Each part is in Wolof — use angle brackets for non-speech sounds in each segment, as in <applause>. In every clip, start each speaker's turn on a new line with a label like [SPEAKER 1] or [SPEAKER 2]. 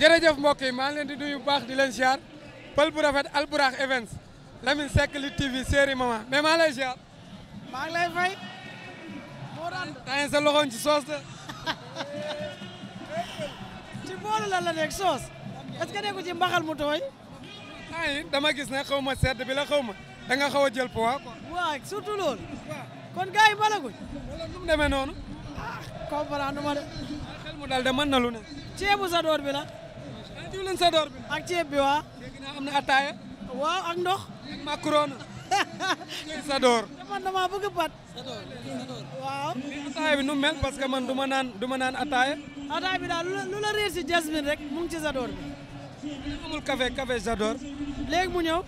[SPEAKER 1] jërëjëf mbokk maa ngi leen di nuyu bu baax di leen ziar pël bu rafet Albourakh Events Lamine Seck li TV série maman mais maa lay ziar. maa ngi lay fay. moo daan sa loxoon ci soos la. ci boolu la nekk soos est-ce que ci mbaxal mu tooy. ay dama gis ne xaw ma sedd bi la xaw ma da xaw a jël poids quoi. waaw surtout loolu. kon gars yi balaguñ. wala nu demee noonu. ah comprendre ma de. xel mu dal de mën na lu ne. ceebu sa door bi la. diwlin sa bi ak ceeb bi waa léegi naa am na ataaya waaw ak ndox ak macaroni sa door man <laughs> dama pat sa door
[SPEAKER 2] waaw ataaya bi nu
[SPEAKER 1] mel parce que man duma naan duma naan ataaya ataaya bi daal lu la réer si jasmine rek mu ngi ci bi amul café café sa door léegi mu ñëw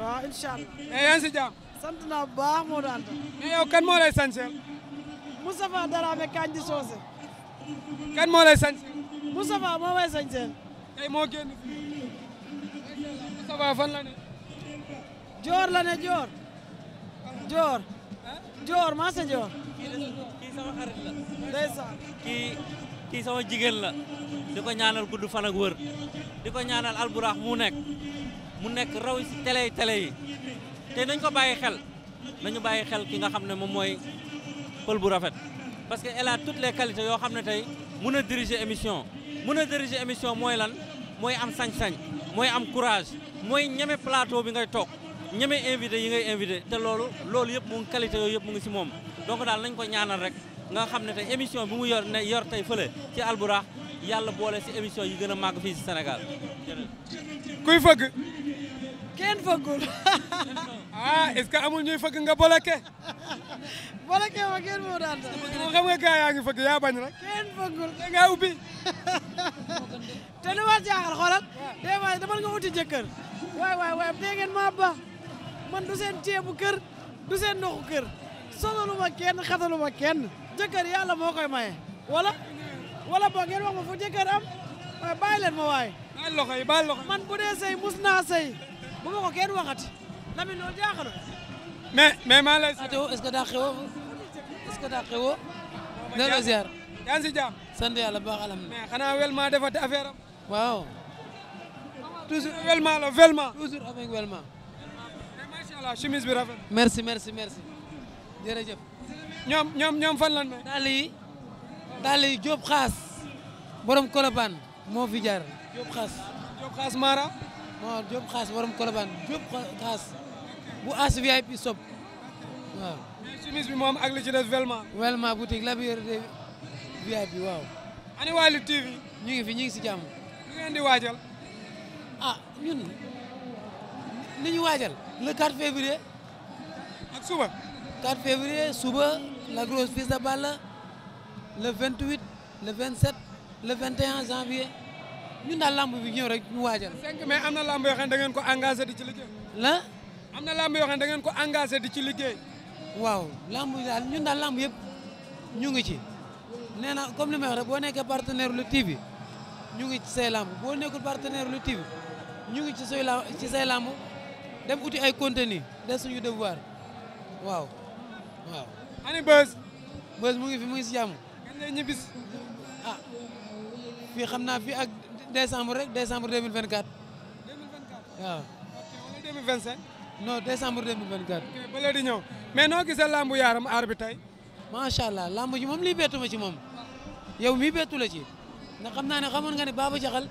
[SPEAKER 1] waaw inchallah mais eh, yaa ngi si jàmm sant naa bu baax kan moo lay sañseel Moustapha Darame Kandji Socé kan moo lay sañseel Moustapha moo sañseel moo génn fii ça va joor la ne joor joor joor maa joor kii sama xarit la ndeysaan kii kii sama jigéen la di ko ñaanal gudd fan ak wër di ko ñaanal alburax mu nek mu nekk raw si télé te nañ ko bàyyi xel nañu bàyyi xel ki nga xam ne moom mooy pël bu rafet parce que elle a toutes les qualités yoo xam ne tey mun a diriger émission mun a diriger émission mooy lan mooy am sañ-sañ mooy am courage mooy ñeme plateau bi ngay toog ñeme invité yi ngay invité te loolu loolu yëpp mu ngi qualité yooyu yëpp mu ngi si moom donc daal nañ ko ñaanal rek nga xam ne tey émission bi mu yor ne yor tey fële ci alburax yàlla boole si émission yi gën a màgg fii si Sénégal kuy fëgg kenn fëggul <laughs> ah est-ce que amul ñuy fëgg nga boloke <laughs> wala kee ma kenn moo daan sax xam nga gaa yaa bañ nag kenn fëggul da ubbi <laughs> te li ma jaaxal xoolal dee nga uti jëkkër waay waay waay dee ngeen maa ba man du seen ceebu kër du seen ndoxu kër ma kenn xatalu ma kenn jëkkër yàlla moo koy maye wala wala boo wax ma fu jëkkër am waaye bàyyi leen ma waay man bu dee sëy mus bu ma ko waxati Lamine loolu jaaxal mais mais maa lay est-ce que est-ce que daa xewoo. nee na ziar yaa ngi si jàmm. sant yàlla baax alhamdulilah. waaw. toujours Wélma la Wélma. toujours avec Wélma. mais macha allah chemise bi rafet. merci merci borom Colobane moo fi jaar Diop Xaas. Diop Xaas Mara. non borom Colobane Diop Xaas bu as VIP sop waaw. mais chemise bi moom ak li ci des Velma. Velma boutique la biir de bi waaw. ani waa Lutte ñu ngi fi ñu ngi si jàmm. lu di waajal. ah li ñu waajal. le 4 février. ak suba. 4 février suba la grosse fils de Balla le 28 le 27 le 21 janvier ñu daal lamb bi ñëw rek ñu waajal. 5 mais am na lamb yoo xam ne da ko engagé di ci liggéey. la. am na lamb yoo xam da ngeen ko engagé di ci liggéey. waaw lamb daal ñun daal lamb yëpp ñu ngi ci nee na comme li rek boo nekkee partenaire Lutte TV ñu ngi ci say lamb boo nekkul partenaire lu TV ñu ngi ci say lamb ci say lamb dem uti ay contenu des suñu devoir waaw waaw. ani Beuz. Beuz mu ngi fi mu ngi si jàmm. kañ lay ñibbis. ah fii xam naa fii ak décembre rek décembre 2024. 2024 waaw. ok wala 2025. non décembre 2024. ok ba léegi di ñëw mais noo gisee làmbu yaaram aar bi tey. macha allah làmb ji moom lii bettu ma ci moom yow mii bettu la ci ndax xam naa ne xamoon nga ne Baba Jaxal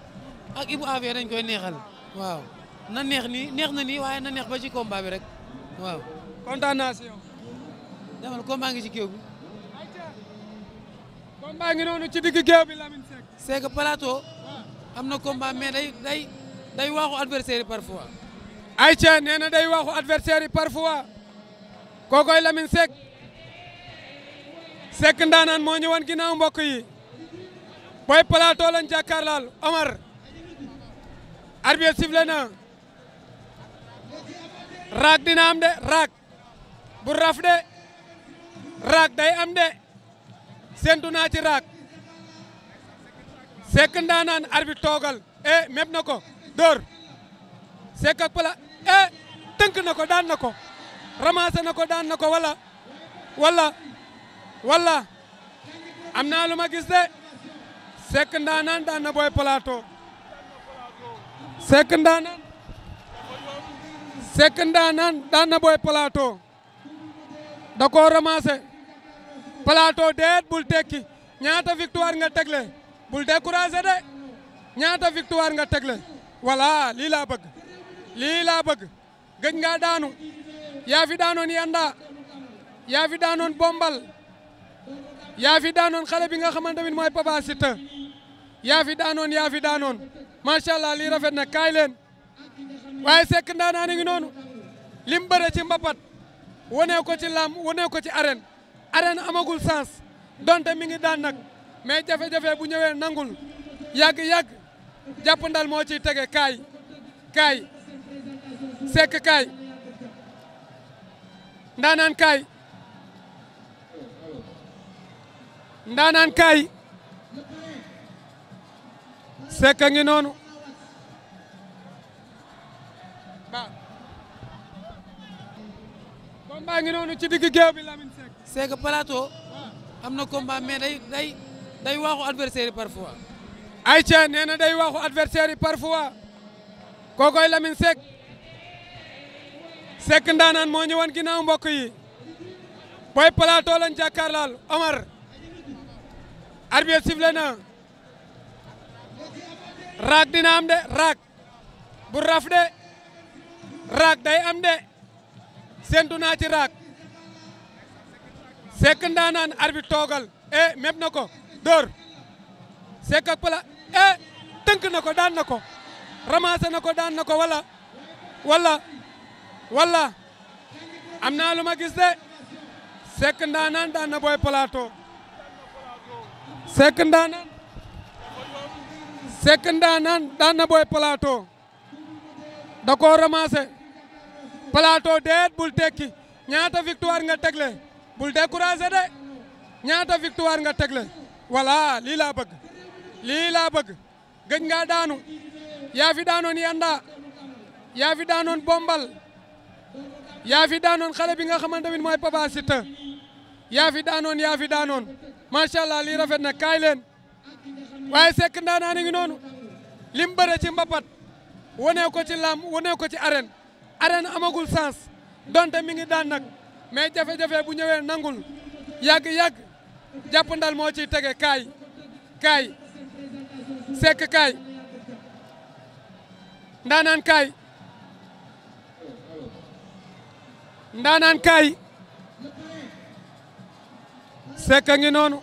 [SPEAKER 1] ak Ibou Afia dañ koy neexal waaw na neex nii neex na nii waaye na neex ba ci combat bi rek waaw. kontaan naa si yow. demal combat ngi ci géew bi. combat ngi noonu ci digg géew bi Lamine Seck. c'est que am na combat mais day day day waaxu adversaire yi Aïcha nee na day waxu adversaire yi parfois kookoy Lamine Seck Seck ndaanaan moo ñëwoon ginnaaw mbokk yi Boy Plateau lañ jàkkaarlaal Omar arbitre sifflé na raak dina am de raak bu raf de raak day am de séntu naa ci raak Seck ndaanaan arbitre toogal e eh, mépp na ko dóor Seck ak Plateau eh tënk na ko daan na ko ramassé na ko daan na ko wala walla walla am naa lu ma gis de Seck ndaanaan daan na Boy Plateau Seck ndaanaan Seck ndaanaan daan na Boy Plateau da koo ramassé Plateau déet bul tekki ñaata victoire nga tegle bul découragé de ñaata victoire nga tegle voilà lii laa lii la bëgg gëj ngaa daanu yaa fi daanoon Yanda yaa fi daanoon Bombal yaa daanoon xale bi nga xamante ne mooy Papa Siteu yaa fi daanoon yaa daanoon macha allah lii rafet na kaay leen waaye sekk ndaanaa ngi noonu lim bëre ci mbapat wane ko ci lam wane ko ci arène arène amagul sens donte mi ngi daan nag mais jafe-jafe bu ñëwee nangul yàgg-yàgg jàpp ndal moo ci tege kaay kaay sekk kaay ndaanaan kaay ndaanaan kaay sekk ngi noonu ba
[SPEAKER 2] combat ngi noonu ci
[SPEAKER 1] digg géew bi Lamine Seck Seck plateau am na combat mais day day day waaxu adversaire yi parfois ay ca nee day waaxu adversaire yi parfois kookoy Lamine Seck Sekk Ndaanaan moo ñëwoon naaw mbokk yi Boy Plateau lañ jàkkaarlaal Omar arbitre sifflé na raak dina am de raak bu raf de raak day am de séntu naa ci raak Sekk Ndaanaan arbitre toogal e meb na ko dóor Sekk ak Plateau tënk na ko daan na ko ramassé na ko daan na ko wala wala wala am naa lu ma gis de Seck Ndaanaan daan na Boy Plateau Seck Ndaanaan Seck Ndaanaan daan Boy Plateau da koo palaato Plateau déet bul tekki ñaata victoire nga tegle bul découragé de ñaata victoire nga tegle voilà lii bëgg lii bëgg gëj ngaa daanu yaa daanoon Yanda yaa daanoon Bombal yaa fi daanoon xale bi nga xamante ne mooy Papa Siteu yaa fi daanoon yaa daanoon macha allah lii rafet na kaay leen waaye sekk ndaanaan a ngi noonu lim bëre ci mbapat ne ko ci lam wane ko ci arène arène amagul sens donte mi ngi daan nag mais jafe-jafe bu ñëwee nangul yag yàgg jàpp moo ci tege kaay kaay sekk kaay ndaanaan kaay ndaanaan kaay sekk ngi noonu